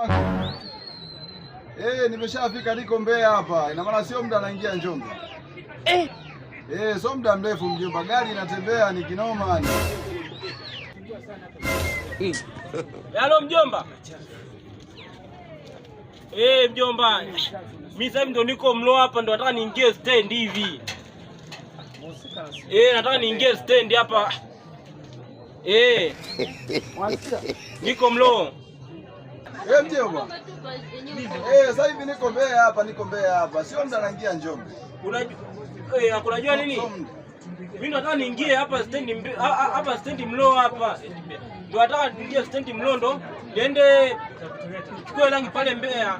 Eh, nimeshafika niko Mbeya hapa. Ina maana sio muda anaingia Njombe. Eh. Eh, sio muda mrefu mjomba, gari inatembea ni kinoma. ni. Eh, halo mjomba. Eh, mjomba. Mimi sasa ndo niko mlo hapa ndo nataka niingie stand hivi. Eh, nataka niingie stand hapa. Eh. Niko mlo. Eh, eh, sasa hivi niko Mbeya hapa, niko Mbeya hapa, sio mnarangia Njombe. Eh, Unajua nini? Mimi nataka niingie hapa stendi hapa stendi Mlo hapa. Ndio nataka niingie stendi Mlo ndo niende chukue rangi pale Mbeya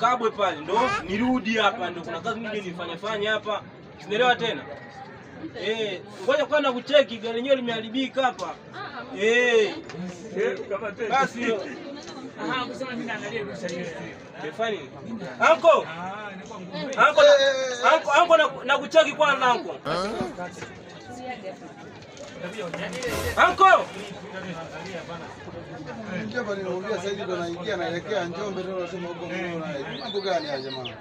Kabwe pale ndo nirudi hapa ndo kuna kazi nyingi nifanye fanye hapa. Sinaelewa tena. Eh, ngoja kwa na kucheki gari lenyewe limeharibika hapa. Ah, ah. Eh. Basi Anko, anko, anko, anko nakucheki kwanza anko. Anko. Ndio bali naongea sasa hivi naingia naelekea Njombe ndio nasema huko mbona mambo gani haya jamani?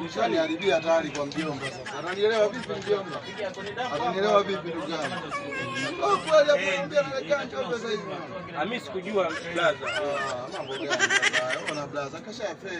Ulishaniharibia hatari kwa mjomba sasa. Ananielewa vipi mjomba? Ananielewa vipi ndugu yangu? Kwa oh, kweli hapo mbia anakaa njoo sasa hivi. Ah, mimi ah, Mambo gani Ona blaza kashafeli.